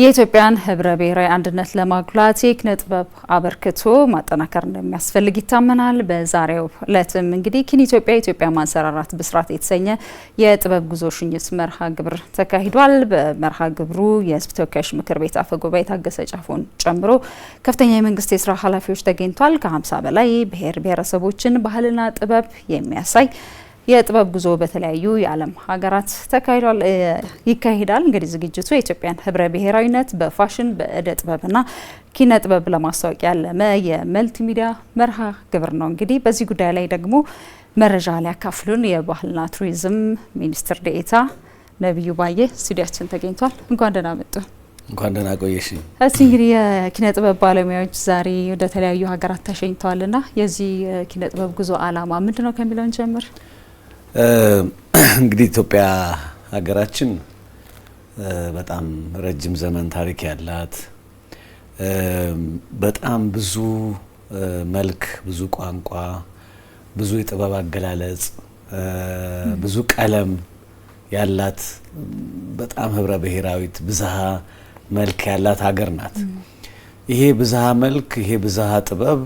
የኢትዮጵያን ህብረ ብሔራዊ አንድነት ለማጉላት የኪነ ጥበብ አበርክቶ ማጠናከር እንደሚያስፈልግ ይታመናል። በዛሬው ዕለትም እንግዲህ ኪን ኢትዮጵያ የኢትዮጵያ ማንሰራራት ብስራት የተሰኘ የጥበብ ጉዞ ሽኝት መርሃ ግብር ተካሂዷል። በመርሃ ግብሩ የህዝብ ተወካዮች ምክር ቤት አፈ ጉባኤ ታገሰ ጫፎን ጨምሮ ከፍተኛ የመንግስት የስራ ኃላፊዎች ተገኝቷል። ከ50 በላይ ብሔር ብሔረሰቦችን ባህልና ጥበብ የሚያሳይ የጥበብ ጉዞ በተለያዩ የዓለም ሀገራት ተካሂዷል ይካሄዳል። እንግዲህ ዝግጅቱ የኢትዮጵያን ህብረ ብሔራዊነት በፋሽን በእደ ጥበብና ኪነ ጥበብ ለማስታወቅ ያለመ የመልቲሚዲያ ሚዲያ መርሃ ግብር ነው። እንግዲህ በዚህ ጉዳይ ላይ ደግሞ መረጃ ሊያካፍሉን የባህልና ቱሪዝም ሚኒስትር ዴኤታ ነቢዩ ባዬ ስቱዲያችን ተገኝቷል። እንኳን ደህና መጡ። እንኳን ደህና ቆየሽ። እስቲ እንግዲህ የኪነ ጥበብ ባለሙያዎች ዛሬ ወደ ተለያዩ ሀገራት ተሸኝተዋልና የዚህ ኪነ ጥበብ ጉዞ አላማ ምንድን ነው ከሚለውን ጀምር። እንግዲህ ኢትዮጵያ ሀገራችን በጣም ረጅም ዘመን ታሪክ ያላት በጣም ብዙ መልክ፣ ብዙ ቋንቋ፣ ብዙ የጥበብ አገላለጽ፣ ብዙ ቀለም ያላት በጣም ህብረ ብሔራዊት ብዝሃ መልክ ያላት ሀገር ናት። ይሄ ብዝሃ መልክ፣ ይሄ ብዝሃ ጥበብ፣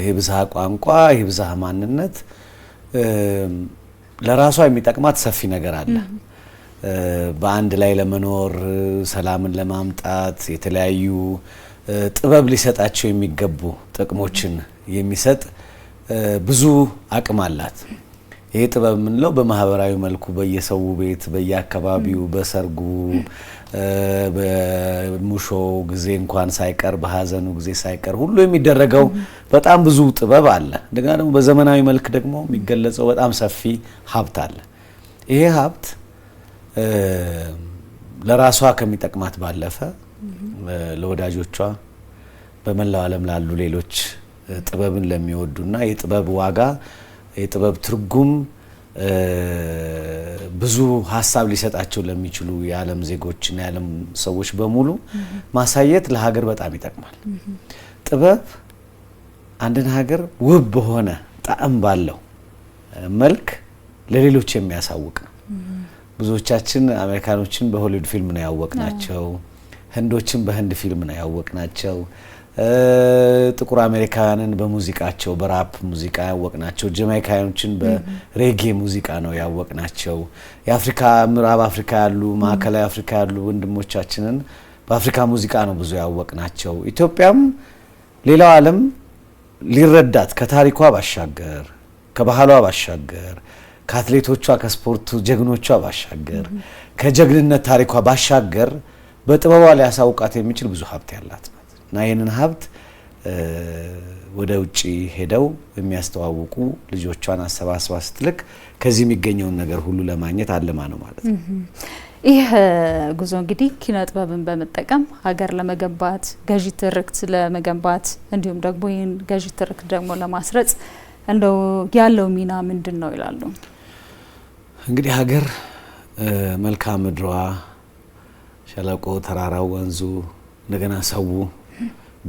ይሄ ብዝሃ ቋንቋ፣ ይሄ ብዝሃ ማንነት ለራሷ የሚጠቅማት ሰፊ ነገር አለ። በአንድ ላይ ለመኖር ሰላምን ለማምጣት የተለያዩ ጥበብ ሊሰጣቸው የሚገቡ ጥቅሞችን የሚሰጥ ብዙ አቅም አላት። ይሄ ጥበብ የምንለው በማህበራዊ መልኩ በየሰው ቤት በየአካባቢው በሰርጉ በሙሾ ጊዜ እንኳን ሳይቀር በሀዘኑ ጊዜ ሳይቀር ሁሉ የሚደረገው በጣም ብዙ ጥበብ አለ። እንደገና ደግሞ በዘመናዊ መልክ ደግሞ የሚገለጸው በጣም ሰፊ ሀብት አለ። ይሄ ሀብት ለራሷ ከሚጠቅማት ባለፈ ለወዳጆቿ፣ በመላው ዓለም ላሉ ሌሎች ጥበብን ለሚወዱና የጥበብ ዋጋ የጥበብ ትርጉም ብዙ ሀሳብ ሊሰጣቸው ለሚችሉ የዓለም ዜጎችና የዓለም ሰዎች በሙሉ ማሳየት ለሀገር በጣም ይጠቅማል። ጥበብ አንድን ሀገር ውብ በሆነ ጣዕም ባለው መልክ ለሌሎች የሚያሳውቅ ነው። ብዙዎቻችን አሜሪካኖችን በሆሊውድ ፊልም ነው ናቸው ህንዶችን በህንድ ፊልም ነው ናቸው። ጥቁር አሜሪካውያንን በሙዚቃቸው በራፕ ሙዚቃ ያወቅናቸው፣ ጀማይካኖችን በሬጌ ሙዚቃ ነው ያወቅናቸው። የአፍሪካ ምዕራብ አፍሪካ ያሉ ማዕከላዊ አፍሪካ ያሉ ወንድሞቻችንን በአፍሪካ ሙዚቃ ነው ብዙ ያወቅናቸው። ኢትዮጵያም ሌላው ዓለም ሊረዳት ከታሪኳ ባሻገር ከባህሏ ባሻገር ከአትሌቶቿ ከስፖርቱ ጀግኖቿ ባሻገር ከጀግንነት ታሪኳ ባሻገር በጥበቧ ሊያሳውቃት የሚችል ብዙ ሀብት ያላት ነው። እና ይህንን ሀብት ወደ ውጭ ሄደው የሚያስተዋውቁ ልጆቿን አሰባስባ ስትልክ ከዚህ የሚገኘውን ነገር ሁሉ ለማግኘት አልማ ነው ማለት ነው። ይህ ጉዞ እንግዲህ ኪነ ጥበብን በመጠቀም ሀገር ለመገንባት ገዢ ትርክት ለመገንባት እንዲሁም ደግሞ ይህን ገዢ ትርክት ደግሞ ለማስረጽ እንደው ያለው ሚና ምንድን ነው ይላሉ? እንግዲህ ሀገር መልክዓ ምድሯ፣ ሸለቆ፣ ተራራው፣ ወንዙ እንደገና ሰው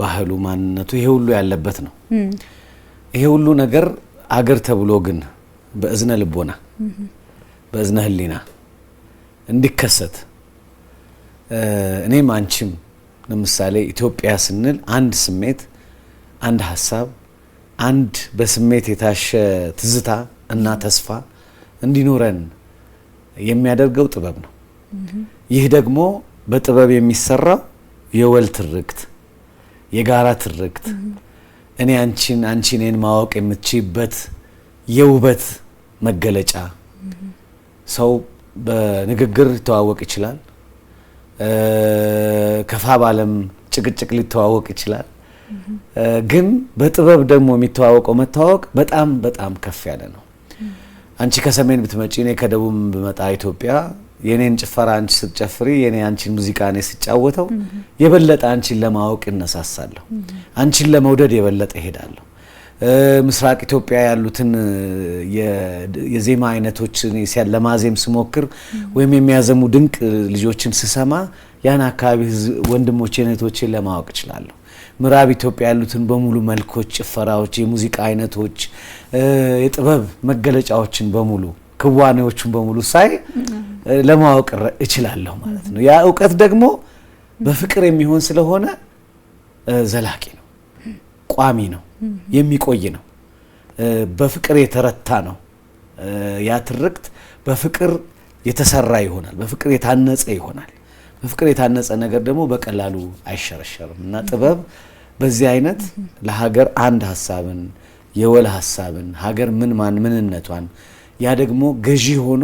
ባህሉ፣ ማንነቱ ይሄ ሁሉ ያለበት ነው። ይሄ ሁሉ ነገር አገር ተብሎ ግን በእዝነ ልቦና በእዝነ ሕሊና እንዲከሰት እኔም አንቺም ለምሳሌ ኢትዮጵያ ስንል አንድ ስሜት፣ አንድ ሀሳብ፣ አንድ በስሜት የታሸ ትዝታ እና ተስፋ እንዲኖረን የሚያደርገው ጥበብ ነው። ይህ ደግሞ በጥበብ የሚሰራው የወል ትርክት የጋራ ትርክት እኔ አንቺን አንቺ እኔን ማወቅ የምትችይበት የውበት መገለጫ። ሰው በንግግር ሊተዋወቅ ይችላል። ከፋ ባለም ጭቅጭቅ ሊተዋወቅ ይችላል። ግን በጥበብ ደግሞ የሚተዋወቀው መተዋወቅ በጣም በጣም ከፍ ያለ ነው። አንቺ ከሰሜን ብትመጪ እኔ ከደቡብ ብመጣ ኢትዮጵያ የኔን ጭፈራ አንቺ ስትጨፍሪ የኔ አንቺን ሙዚቃ እኔ ስጫወተው የበለጠ አንቺን ለማወቅ እነሳሳለሁ። አንቺን ለመውደድ የበለጠ እሄዳለሁ። ምስራቅ ኢትዮጵያ ያሉትን የዜማ አይነቶች ለማዜም ስሞክር ወይም የሚያዘሙ ድንቅ ልጆችን ስሰማ ያን አካባቢ ወንድሞቼን እህቶቼን ለማወቅ እችላለሁ። ምዕራብ ኢትዮጵያ ያሉትን በሙሉ መልኮች፣ ጭፈራዎች፣ የሙዚቃ አይነቶች፣ የጥበብ መገለጫዎችን በሙሉ ክዋኔዎቹን በሙሉ ሳይ ለማወቅ እችላለሁ ማለት ነው። ያ እውቀት ደግሞ በፍቅር የሚሆን ስለሆነ ዘላቂ ነው፣ ቋሚ ነው፣ የሚቆይ ነው፣ በፍቅር የተረታ ነው። ያ ትርክት በፍቅር የተሰራ ይሆናል፣ በፍቅር የታነጸ ይሆናል። በፍቅር የታነጸ ነገር ደግሞ በቀላሉ አይሸረሸርም እና ጥበብ በዚህ አይነት ለሀገር አንድ ሀሳብን የወል ሀሳብን ሀገር ምን ማን ምንነቷን ያ ደግሞ ገዢ ሆኖ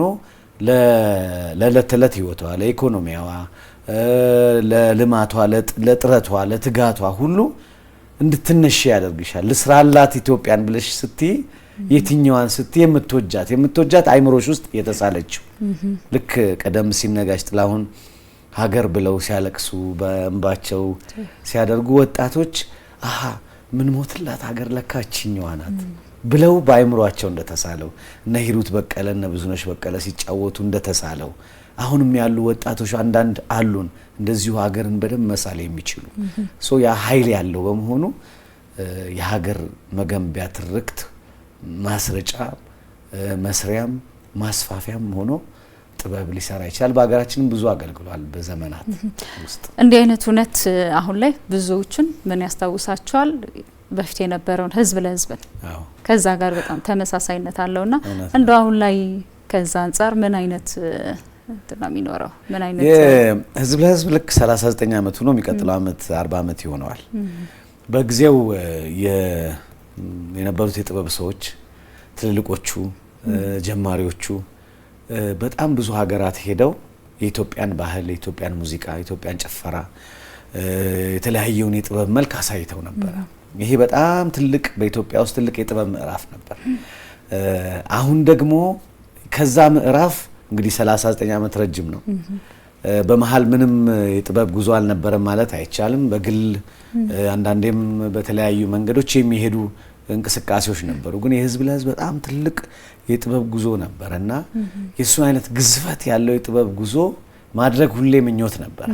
ለዕለት ተዕለት ህይወቷ፣ ለኢኮኖሚያዋ ለልማቷ፣ ለጥረቷ፣ ለትጋቷ ሁሉ እንድትነሽ ያደርግሻል። ልስራላት ኢትዮጵያን ብለሽ ስትይ የትኛዋን ስትይ የምትወጃት የምትወጃት አይምሮሽ ውስጥ የተሳለችው ልክ ቀደም ሲል ነጋሽ ጥላሁን ሀገር ብለው ሲያለቅሱ በእንባቸው ሲያደርጉ ወጣቶች አሀ ምን ሞትላት ሀገር ለካችኛዋ ናት ብለው በአይምሯቸው እንደተሳለው እነ ሂሩት በቀለ እነ ብዙነሽ በቀለ ሲጫወቱ እንደተሳለው አሁንም ያሉ ወጣቶች አንዳንድ አሉን እንደዚሁ ሀገርን በደንብ መሳል የሚችሉ ያ ኃይል ያለው በመሆኑ የሀገር መገንቢያ ትርክት ማስረጫ መስሪያም ማስፋፊያም ሆኖ ጥበብ ሊሰራ ይችላል። በሀገራችንም ብዙ አገልግሏል። በዘመናት ውስጥ እንዲህ አይነት እውነት አሁን ላይ ብዙዎችን ምን ያስታውሳቸዋል? በፊት የነበረውን ህዝብ ለህዝብን ከዛ ጋር በጣም ተመሳሳይነት ና እንደ አሁን ላይ ከዛ አንጻር ምን አይነት ነው የሚኖረው? ምን አይነት ህዝብ ለህዝብ ልክ 39 አመቱ ነው የሚቀጥለው አመት 40 አመት ይሆነዋል። በጊዜው የነበሩት የጥበብ ሰዎች ትልልቆቹ፣ ጀማሪዎቹ በጣም ብዙ ሀገራት ሄደው የኢትዮጵያን ባህል፣ የኢትዮጵያን ሙዚቃ፣ የኢትዮጵያን ጭፈራ የተለያየውን የጥበብ መልክ አሳይተው ነበረ። ይሄ በጣም ትልቅ በኢትዮጵያ ውስጥ ትልቅ የጥበብ ምዕራፍ ነበር። አሁን ደግሞ ከዛ ምዕራፍ እንግዲህ 39 ዓመት ረጅም ነው። በመሀል ምንም የጥበብ ጉዞ አልነበረም ማለት አይቻልም። በግል አንዳንዴም በተለያዩ መንገዶች የሚሄዱ እንቅስቃሴዎች ነበሩ። ግን የህዝብ ለህዝብ በጣም ትልቅ የጥበብ ጉዞ ነበረ እና የእሱን አይነት ግዝፈት ያለው የጥበብ ጉዞ ማድረግ ሁሌ ምኞት ነበረ።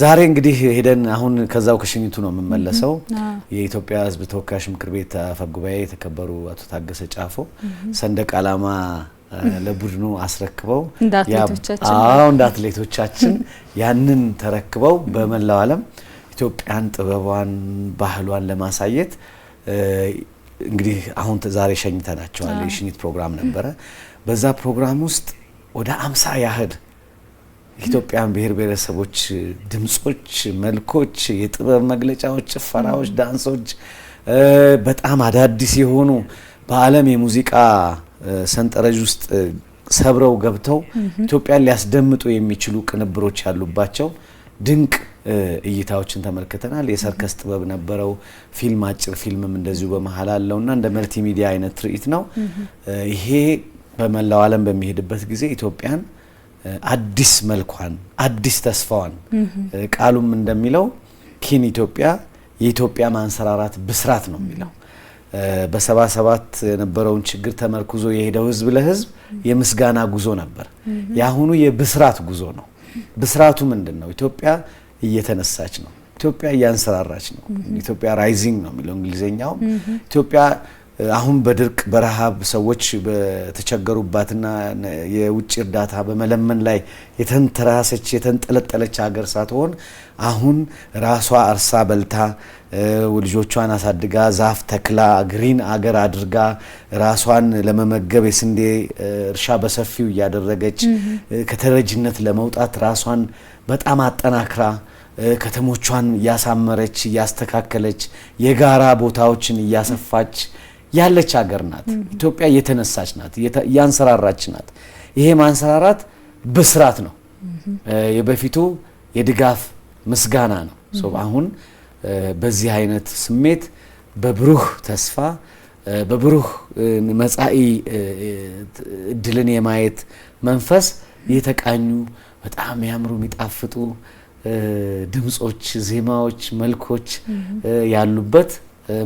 ዛሬ እንግዲህ ሄደን አሁን ከዛው ከሽኝቱ ነው የምመለሰው። የኢትዮጵያ ሕዝብ ተወካዮች ምክር ቤት አፈ ጉባኤ የተከበሩ አቶ ታገሰ ጫፎ ሰንደቅ ዓላማ ለቡድኑ አስረክበው እንደ አትሌቶቻችን ያንን ተረክበው በመላው ዓለም ኢትዮጵያን ጥበቧን፣ ባህሏን ለማሳየት እንግዲህ አሁን ዛሬ ሸኝተናቸዋል። የሽኝት ፕሮግራም ነበረ። በዛ ፕሮግራም ውስጥ ወደ አምሳ ያህል ኢትዮጵያን ብሔር ብሔረሰቦች ድምጾች፣ መልኮች፣ የጥበብ መግለጫዎች፣ ጭፈራዎች፣ ዳንሶች በጣም አዳዲስ የሆኑ በዓለም የሙዚቃ ሰንጠረዥ ውስጥ ሰብረው ገብተው ኢትዮጵያን ሊያስደምጡ የሚችሉ ቅንብሮች ያሉባቸው ድንቅ እይታዎችን ተመልክተናል። የሰርከስ ጥበብ ነበረው። ፊልም፣ አጭር ፊልምም እንደዚሁ በመሀል አለውና እንደ መልቲሚዲያ አይነት ትርኢት ነው። ይሄ በመላው ዓለም በሚሄድበት ጊዜ ኢትዮጵያን አዲስ መልኳን አዲስ ተስፋዋን ቃሉም እንደሚለው ኪን ኢትዮጵያ የኢትዮጵያ ማንሰራራት ብስራት ነው የሚለው በሰባ ሰባት የነበረውን ችግር ተመርኩዞ የሄደው ህዝብ ለህዝብ የምስጋና ጉዞ ነበር። የአሁኑ የብስራት ጉዞ ነው። ብስራቱ ምንድን ነው? ኢትዮጵያ እየተነሳች ነው። ኢትዮጵያ እያንሰራራች ነው። ኢትዮጵያ ራይዚንግ ነው የሚለው እንግሊዝኛውም ኢትዮጵያ አሁን በድርቅ በረሃብ ሰዎች በተቸገሩባትና የውጭ እርዳታ በመለመን ላይ የተንተራሰች የተንጠለጠለች ሀገር ሳትሆን አሁን ራሷ አርሳ በልታ ልጆቿን አሳድጋ ዛፍ ተክላ ግሪን አገር አድርጋ ራሷን ለመመገብ የስንዴ እርሻ በሰፊው እያደረገች ከተረጅነት ለመውጣት ራሷን በጣም አጠናክራ ከተሞቿን እያሳመረች እያስተካከለች የጋራ ቦታዎችን እያሰፋች ያለች ሀገር ናት ኢትዮጵያ። የተነሳች ናት፣ ያንሰራራች ናት። ይሄ ማንሰራራት ብስራት ነው። የበፊቱ የድጋፍ ምስጋና ነው። አሁን በዚህ አይነት ስሜት በብሩህ ተስፋ በብሩህ መጻኢ እድልን የማየት መንፈስ የተቃኙ በጣም ያምሩ የሚጣፍጡ ድምጾች፣ ዜማዎች፣ መልኮች ያሉበት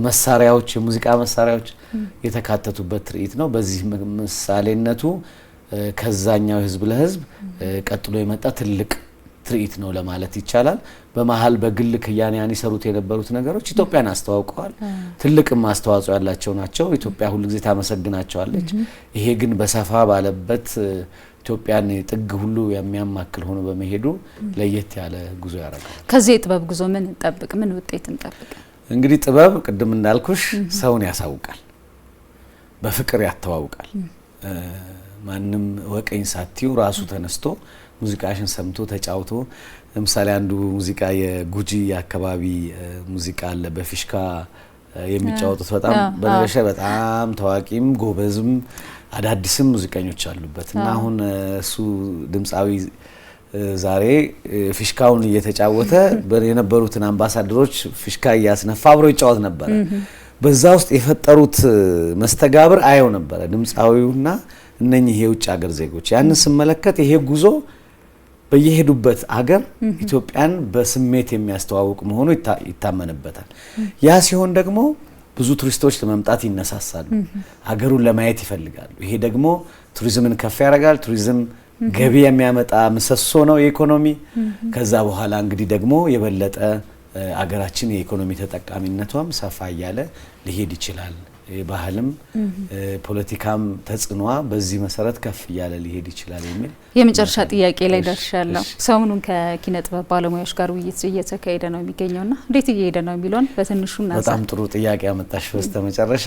መሳሪያዎች የሙዚቃ መሳሪያዎች የተካተቱበት ትርኢት ነው። በዚህ ምሳሌነቱ ከዛኛው ህዝብ ለህዝብ ቀጥሎ የመጣ ትልቅ ትርኢት ነው ለማለት ይቻላል። በመሀል በግል ከያንያን ይሰሩት የነበሩት ነገሮች ኢትዮጵያን አስተዋውቀዋል። ትልቅም አስተዋጽኦ ያላቸው ናቸው። ኢትዮጵያ ሁልጊዜ ታመሰግናቸዋለች። ይሄ ግን በሰፋ ባለበት ኢትዮጵያን ጥግ ሁሉ የሚያማክል ሆኖ በመሄዱ ለየት ያለ ጉዞ ያደርጋል። ከዚህ የጥበብ ጉዞ ምን እንጠብቅ? ምን ውጤት እንጠብቅ? እንግዲህ ጥበብ ቅድም እንዳልኩሽ ሰውን ያሳውቃል፣ በፍቅር ያተዋውቃል። ማንም ወቀኝ ሳቲው ራሱ ተነስቶ ሙዚቃሽን ሰምቶ ተጫውቶ ለምሳሌ አንዱ ሙዚቃ የጉጂ የአካባቢ ሙዚቃ አለ በፊሽካ የሚጫወጡት በጣም በነበሸ በጣም ታዋቂም ጎበዝም አዳዲስም ሙዚቀኞች አሉበት እና አሁን እሱ ድምፃዊ ዛሬ ፊሽካውን እየተጫወተ የነበሩትን አምባሳደሮች ፊሽካ እያስነፋ አብሮ ይጫወት ነበረ። በዛ ውስጥ የፈጠሩት መስተጋብር አየው ነበረ ድምፃዊውና እነኚህ የውጭ ሀገር ዜጎች ያንን ስመለከት ይሄ ጉዞ በየሄዱበት አገር ኢትዮጵያን በስሜት የሚያስተዋውቅ መሆኑ ይታመንበታል። ያ ሲሆን ደግሞ ብዙ ቱሪስቶች ለመምጣት ይነሳሳሉ፣ ሀገሩን ለማየት ይፈልጋሉ። ይሄ ደግሞ ቱሪዝምን ከፍ ያደርጋል። ቱሪዝም ገቢ የሚያመጣ ምሰሶ ነው የኢኮኖሚ። ከዛ በኋላ እንግዲህ ደግሞ የበለጠ አገራችን የኢኮኖሚ ተጠቃሚነቷም ሰፋ እያለ ሊሄድ ይችላል። ባህልም ፖለቲካም ተጽዕኖዋ በዚህ መሰረት ከፍ እያለ ሊሄድ ይችላል የሚል የመጨረሻ ጥያቄ ላይ ደርሻለሁ። ሰሞኑን ከኪነ ጥበብ ባለሙያዎች ጋር ውይይት እየተካሄደ ነው ና እንዴት እየሄደ ነው የሚለውን በትንሹ ና በጣም ጥሩ ጥያቄ አመጣሽ። በስተ መጨረሻ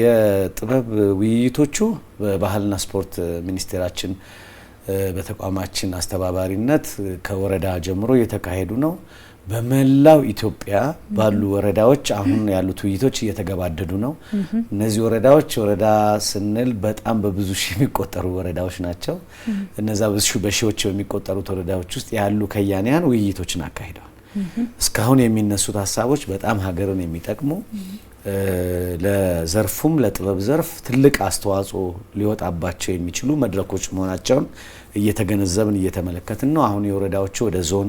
የጥበብ ውይይቶቹ በባህልና ስፖርት ሚኒስቴራችን በተቋማችን አስተባባሪነት ከወረዳ ጀምሮ እየተካሄዱ ነው። በመላው ኢትዮጵያ ባሉ ወረዳዎች አሁን ያሉት ውይይቶች እየተገባደዱ ነው። እነዚህ ወረዳዎች ወረዳ ስንል በጣም በብዙ ሺህ የሚቆጠሩ ወረዳዎች ናቸው። እነዛ በሺዎች በሚቆጠሩት ወረዳዎች ውስጥ ያሉ ከያንያን ውይይቶችን አካሂደዋል። እስካሁን የሚነሱት ሀሳቦች በጣም ሀገርን የሚጠቅሙ ለዘርፉም ለጥበብ ዘርፍ ትልቅ አስተዋጽኦ ሊወጣባቸው የሚችሉ መድረኮች መሆናቸውን እየተገነዘብን እየተመለከትን ነው። አሁን የወረዳዎቹ ወደ ዞን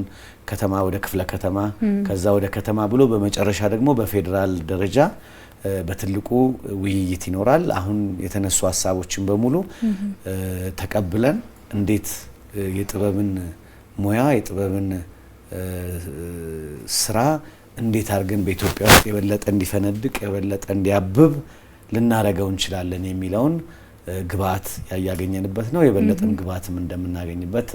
ከተማ፣ ወደ ክፍለ ከተማ፣ ከዛ ወደ ከተማ ብሎ በመጨረሻ ደግሞ በፌዴራል ደረጃ በትልቁ ውይይት ይኖራል። አሁን የተነሱ ሀሳቦችን በሙሉ ተቀብለን እንዴት የጥበብን ሙያ የጥበብን ስራ እንዴት አድርገን በኢትዮጵያ ውስጥ የበለጠ እንዲፈነድቅ የበለጠ እንዲያብብ ልናረገው እንችላለን የሚለውን ግብአት ያገኘንበት ነው። የበለጠም ግብአትም እንደምናገኝበት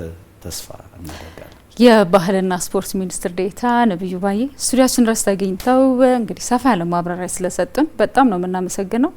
ተስፋ እናደርጋለን። የባህልና ስፖርት ሚኒስትር ዴታ ነብዩ ባዬ ስቱዲያችን ድረስ ተገኝተው እንግዲህ ሰፋ ያለ ማብራሪያ ስለሰጡን በጣም ነው የምናመሰግነው።